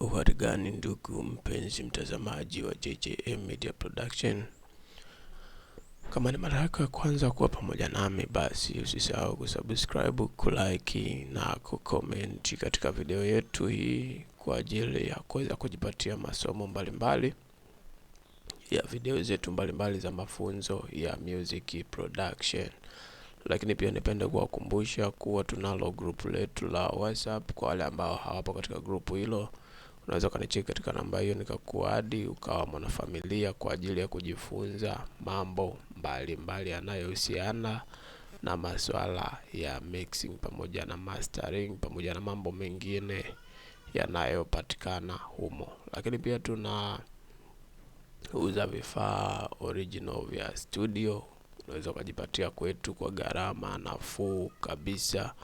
Habari gani ndugu mpenzi mtazamaji wa JJM Media Production. Kama ni mara yako ya kwanza kuwa pamoja nami, basi usisahau kusubscribe, kulike na kukomenti katika video yetu hii kwa ajili ya kuweza kujipatia masomo mbalimbali mbali ya video zetu mbalimbali za mafunzo ya music production lakini pia nipende kuwakumbusha kuwa tunalo grupu letu la WhatsApp kwa wale ambao hawapo katika grupu hilo unaweza ukanicheki katika namba hiyo nikakuadi ukawa mwanafamilia kwa ajili ya kujifunza mambo mbalimbali yanayohusiana na masuala ya mixing pamoja na mastering pamoja na mambo mengine yanayopatikana humo. Lakini pia tuna uza vifaa original vya studio, unaweza ukajipatia kwetu kwa gharama nafuu kabisa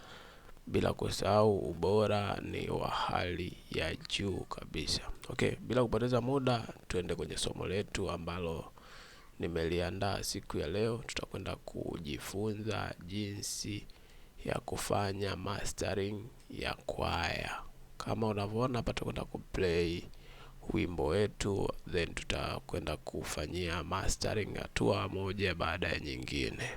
bila kusahau ubora ni wa hali ya juu kabisa. Okay, bila kupoteza muda tuende kwenye somo letu ambalo nimeliandaa siku ya leo. Tutakwenda kujifunza jinsi ya kufanya mastering ya kwaya. Kama unavyoona hapa, tutakwenda kuplay wimbo wetu, then tutakwenda kufanyia mastering hatua moja baada ya nyingine.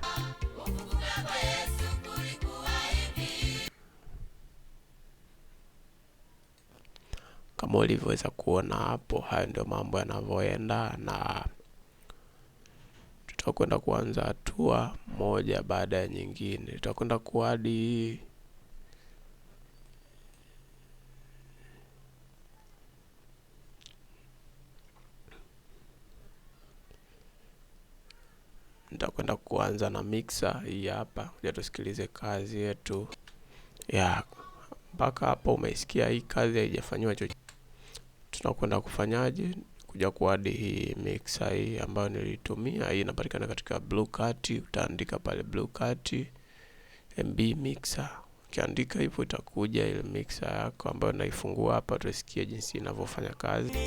Kama ulivyoweza kuona hapo, hayo ndio mambo yanavyoenda, na tutakwenda kuanza hatua moja baada ya nyingine. Tutakwenda kuadi nitakwenda kuanza na mixer hii hapa, kuja tusikilize kazi yetu ya mpaka hapo. Umeisikia hii kazi haijafanyiwa chochote tunakwenda kufanyaje kuja kuadi hii mixer hii ambayo nilitumia. Hii inapatikana katika cut utaandika pale cut MB mixer. Ukiandika hivyo itakuja ile mixer yako ambayo naifungua hapa, tusikie jinsi inavyofanya kazi.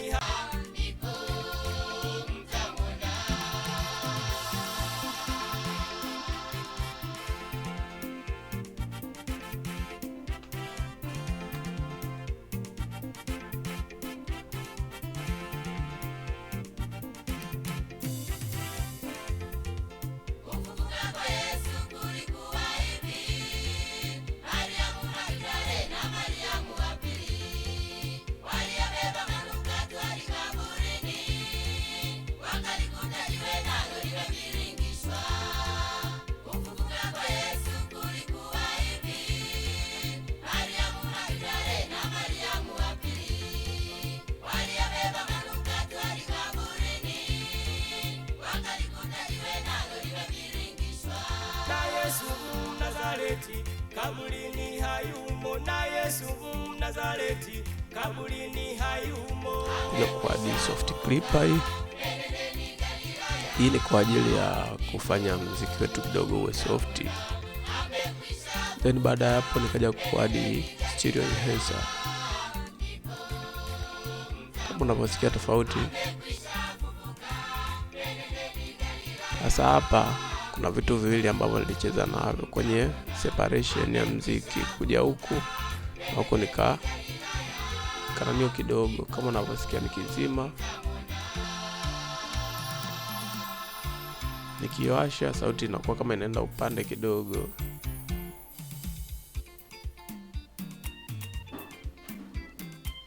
Ona Yesu Mnazareti kaburini hayumo. kwa ni soft clip prepay. Hii ni kwa ajili ya kufanya mziki wetu kidogo uwe soft, then baada ya hapo nikaja kuadi stereo enhancer. Kama unavyosikia tofauti sasa, hapa kuna vitu viwili ambavyo nilicheza navyo kwenye separation ya mziki kuja huku huku nika kananio kidogo kama unavyosikia nikizima, nikiwasha sauti inakuwa kama inaenda upande kidogo.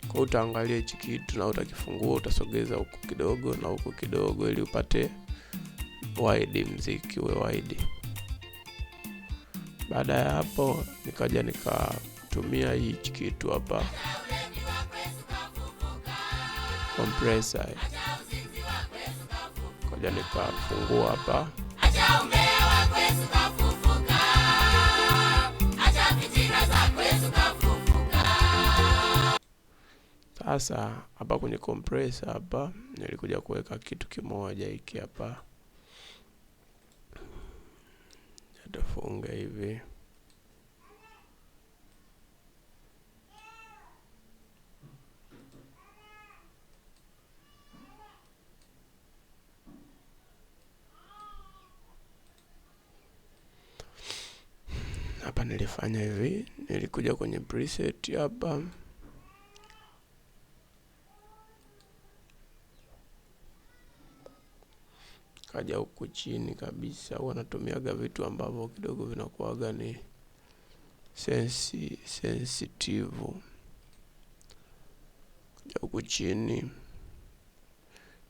Kwa utaangalia hichi kitu na utakifungua, utasogeza huku kidogo na huku kidogo, ili upate wide mziki uwe wide. Baada ya hapo nikaja nikatumia hichi kitu hapa compressor, kaja nikafungua hapa sasa. Hapa kwenye compressor hapa nilikuja kuweka kitu kimoja hiki hapa Tutafunga hivi hapa. Nilifanya hivi, nilikuja kwenye preset hapa kaja huku chini kabisa, wanatumiaga vitu ambavyo kidogo vinakuwaga ni sensi sensitive. Kaja huku chini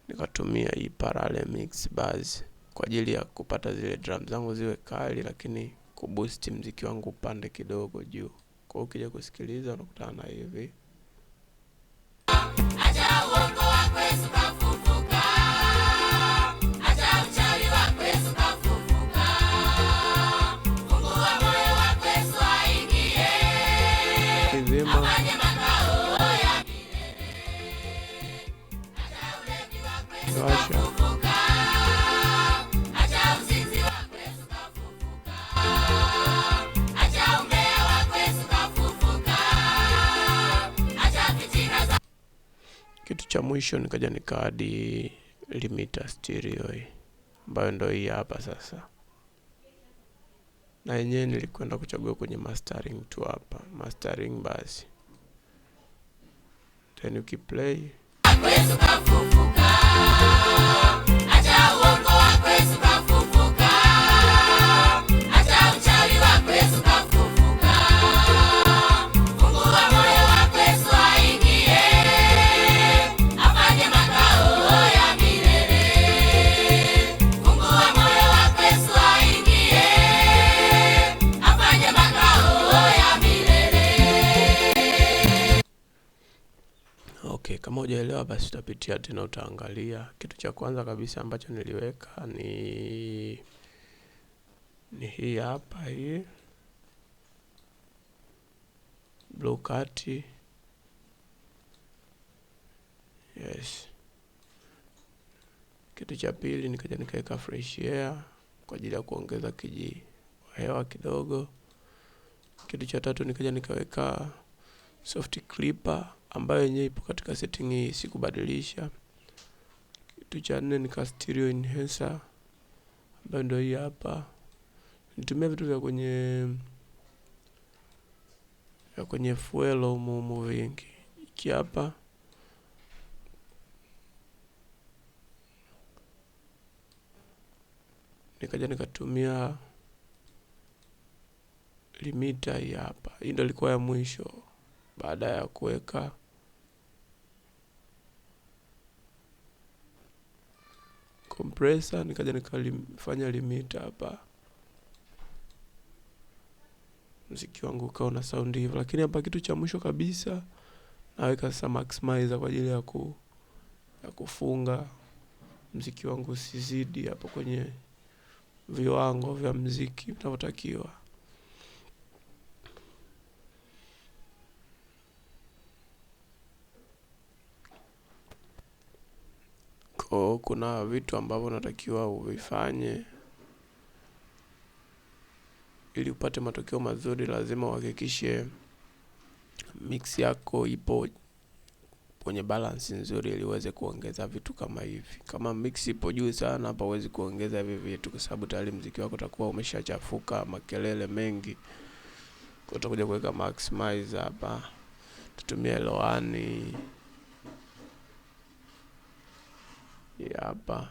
nikatumia hii parallel mix bass kwa ajili ya kupata zile drum zangu ziwe kali, lakini kuboost mziki wangu upande kidogo juu. Kwa hiyo ukija kusikiliza unakutana na hivi. mwisho nikaja nikaadi limiter stereo hii ambayo ndio hii hapa sasa, na yenyewe nilikwenda kuchagua kwenye mastering tu hapa mastering, basi then ukiplay Yesu kafufuka. Kama hujaelewa basi utapitia tena utaangalia. Kitu cha kwanza kabisa ambacho niliweka ni ni hii hapa hii blue cut. Yes. Kitu cha pili nikaja nikaweka fresh air kwa ajili ya kuongeza kiji hewa kidogo. Kitu cha tatu nikaja nikaweka soft clipper ambayo yenyewe ipo katika setting hii sikubadilisha. Kitu cha nne ni stereo enhancer ambayo ndio hii hapa. Nitumia vitu vya kwenye ya kwenye fuelo humo humo vingi. Iki hapa nikaja nikatumia limita hii hapa. Hii ndio ilikuwa ya mwisho baada ya kuweka compressor nikaja nikalifanya limiter hapa mziki wangu ukawa na saundi hivyo, lakini hapa kitu cha mwisho kabisa naweka sasa maximizer kwa ajili ya, ku, ya kufunga mziki wangu usizidi hapo kwenye viwango vya mziki vinavyotakiwa. o, kuna vitu ambavyo unatakiwa uvifanye ili upate matokeo mazuri. Lazima uhakikishe mix yako ipo kwenye balance nzuri, ili uweze kuongeza vitu kama hivi. Kama mix ipo juu sana, hapa huwezi kuongeza hivi vitu, kwa sababu tayari mziki wako utakuwa umeshachafuka, makelele mengi. Utakuja kuweka maximizer hapa, tutumie loani. Hapa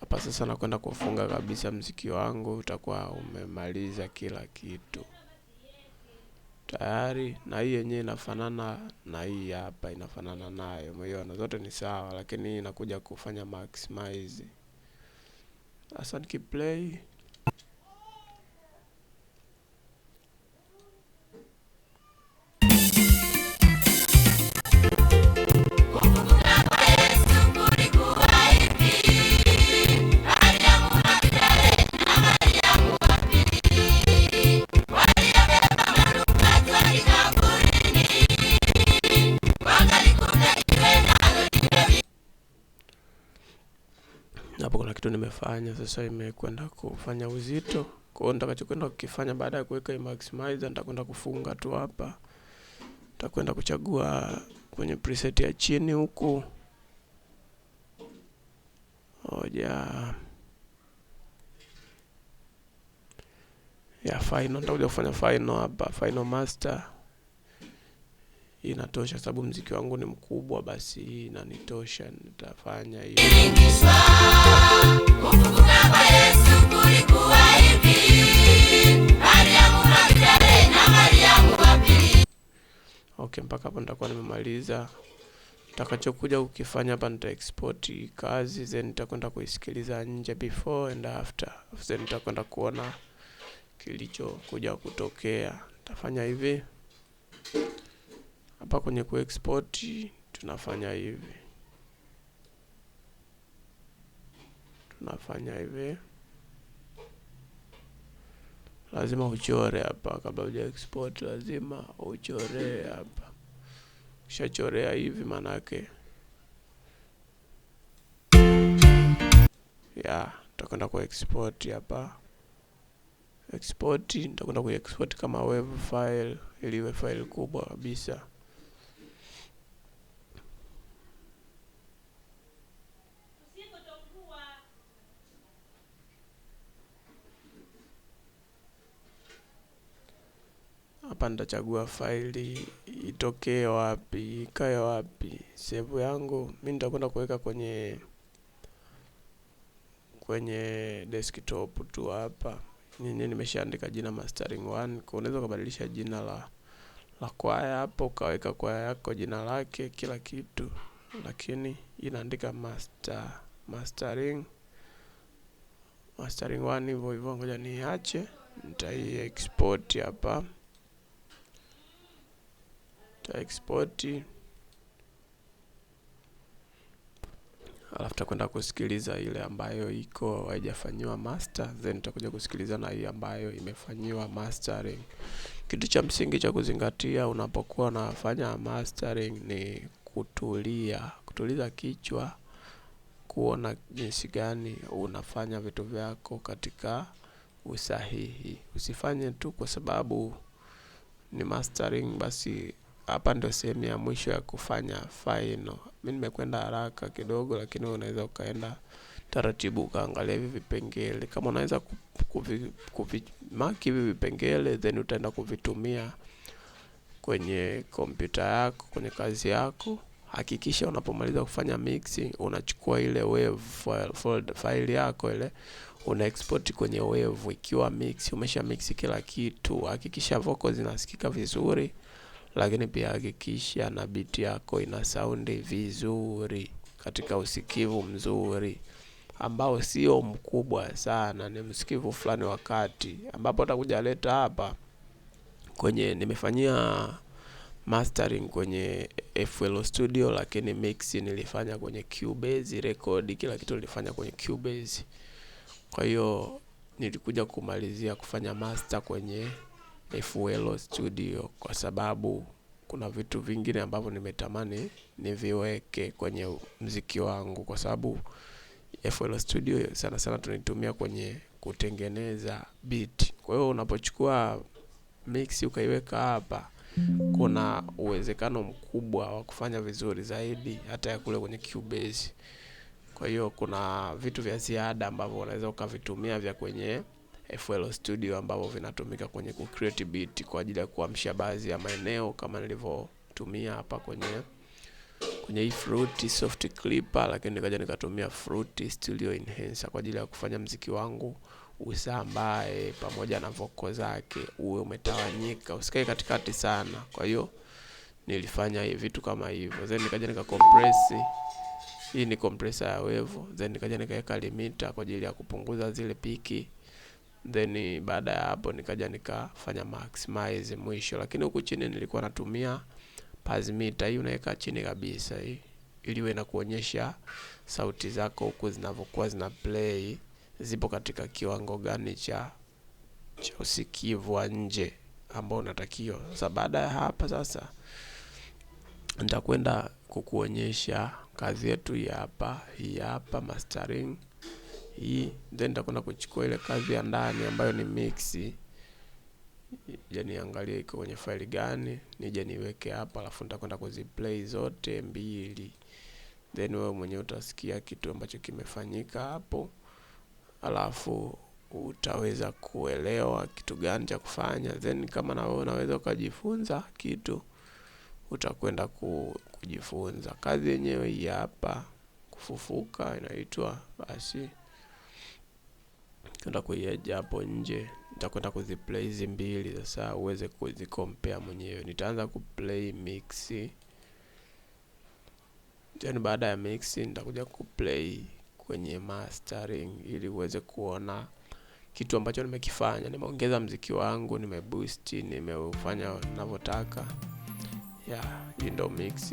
hapa sasa nakwenda kufunga kabisa mziki wangu, utakuwa umemaliza kila kitu tayari. Na hii yenyewe inafanana na hii hapa, inafanana nayo, umeiona, zote ni sawa, lakini inakuja kufanya maximize. Sasa nikiplay kufanya sasa imekwenda kufanya uzito. kwao hiyo nitakachokwenda kukifanya baada ya kuweka maximizer, nitakwenda kufunga tu hapa, nitakwenda kuchagua kwenye preset ya chini huku moja ya final, nitakuja kufanya final hapa, final master inatosha, sababu mziki wangu ni mkubwa, basi nanitosha inanitosha, nitafanya hiyo. Okay, mpaka hapo nitakuwa nimemaliza. Nitakachokuja ukifanya hapa, nita export kazi then nitakwenda kuisikiliza nje before and after, then nitakwenda kuona kilichokuja kutokea. Nitafanya hivi. Hapa kwenye kuexport tunafanya hivi, tunafanya hivi. Lazima uchore hapa kabla uja export, lazima uchoree hapa. Ukishachorea hivi manake ya tutakwenda ku export hapa. Export nitakwenda ku export kama wave file, iliwe file kubwa kabisa. hapa nitachagua faili itokee wapi, ikae wapi. Save yangu mimi nitakwenda kuweka kwenye kwenye desktop tu hapa. Nini nimeshaandika jina mastering 1. Kwa unaweza kubadilisha jina la la kwaya hapo ukaweka kwaya yako jina lake kila kitu, lakini inaandika master mastering mastering 1 hivyo hivyo. Ngoja niache, nitaiexport hapa ta export alafu takwenda kusikiliza ile ambayo iko haijafanyiwa master, then tutakuja kusikiliza na hii ambayo imefanyiwa mastering. Kitu cha msingi cha kuzingatia unapokuwa unafanya mastering ni kutulia, kutuliza kichwa, kuona jinsi gani unafanya vitu vyako katika usahihi. Usifanye tu kwa sababu ni mastering basi hapa ndio sehemu ya mwisho ya kufanya final. Mimi nimekwenda haraka kidogo, lakini unaweza ukaenda taratibu ukaangalia hivi vipengele, kama unaweza kuvimaki hivi vipengele, then utaenda kuvitumia kwenye kompyuta yako, kwenye kazi yako. Hakikisha unapomaliza kufanya mix, unachukua ile wave file, folder, file yako ile una export kwenye wave ikiwa mix. Umesha mix kila kitu, hakikisha vocals zinasikika vizuri lakini pia hakikisha na biti yako ina saundi vizuri katika usikivu mzuri ambao sio mkubwa sana, ni msikivu fulani, wakati ambapo utakuja leta hapa kwenye nimefanyia mastering kwenye FL Studio, lakini mix nilifanya kwenye Cubase, record kila kitu nilifanya kwenye Cubase. Kwa hiyo nilikuja kumalizia kufanya master kwenye Fuelo Studio kwa sababu kuna vitu vingine ambavyo nimetamani niviweke kwenye mziki wangu, kwa sababu FL Studio sana sana tunaitumia kwenye kutengeneza beat. Kwa hiyo unapochukua mix ukaiweka hapa, kuna uwezekano mkubwa wa kufanya vizuri zaidi hata ya kule kwenye Cubase. Kwa hiyo kuna vitu vya ziada ambavyo unaweza ukavitumia vya kwenye FL Studio ambavyo vinatumika kwenye ku create beat kwa ajili ya kuamsha baadhi ya maeneo kama nilivyotumia hapa kwenye kwenye hii Fruity Soft Clipper, lakini nikaja nikatumia Fruity Studio Enhancer kwa ajili ya kufanya mziki wangu usambae pamoja na voko zake, uwe umetawanyika, usikae katikati sana. Kwa hiyo nilifanya vitu kama hivyo, then nikaja nika compress hii ni compressor ya wave, then nikaja nikaweka limiter kwa ajili ya kupunguza zile piki then baada ya hapo nikaja nikafanya maximize mwisho, lakini huku chini nilikuwa natumia pazimita hii, unaweka chini kabisa hii ili iwe na kuonyesha sauti zako huku zinavyokuwa zina play zipo katika kiwango gani cha cha usikivu wa nje ambao unatakiwa. Sasa baada ya hapa sasa nitakwenda kukuonyesha kazi yetu hii hapa, hii hapa mastering hii, then nitakwenda kuchukua ile kazi ya ndani ambayo ni mix, je niangalie iko kwenye faili gani, nije niweke hapa, alafu nitakwenda kuziplay zote mbili, then wewe mwenyewe utasikia kitu ambacho kimefanyika hapo, alafu utaweza kuelewa kitu gani cha kufanya, then kama na wewe unaweza ukajifunza kitu utakwenda kujifunza. Kazi yenyewe hii hapa, kufufuka inaitwa basi enda kuieja hapo nje, nitakwenda kuziplay hizi mbili sasa uweze kuzikompea mwenyewe. Nitaanza kuplay mix, then baada ya mix nitakuja kuplay kwenye mastering ili uweze kuona kitu ambacho nimekifanya. Nimeongeza mziki wangu, nimeboost, nimeufanya ninavyotaka. Yeah, hii ndo mix.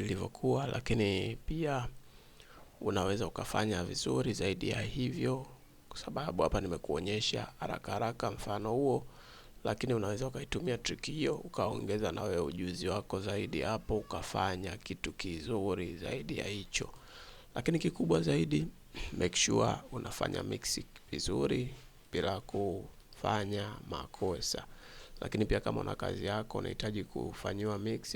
yetu ilivyokuwa, lakini pia unaweza ukafanya vizuri zaidi ya hivyo, kwa sababu hapa nimekuonyesha haraka haraka mfano huo, lakini unaweza ukaitumia trick hiyo ukaongeza na wewe ujuzi wako zaidi hapo, ukafanya kitu kizuri zaidi ya hicho. Lakini kikubwa zaidi, make sure unafanya mix vizuri bila kufanya makosa. Lakini pia kama una kazi yako unahitaji kufanyiwa mix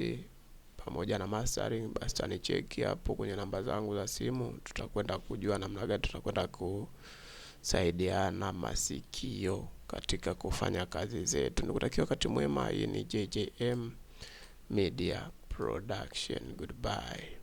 pamoja na mastering, basi tanicheki hapo kwenye namba zangu za simu, tutakwenda kujua namna gani tutakwenda kusaidiana masikio katika kufanya kazi zetu. Nikutakia wakati mwema. Hii ni JJM Media Production. Goodbye.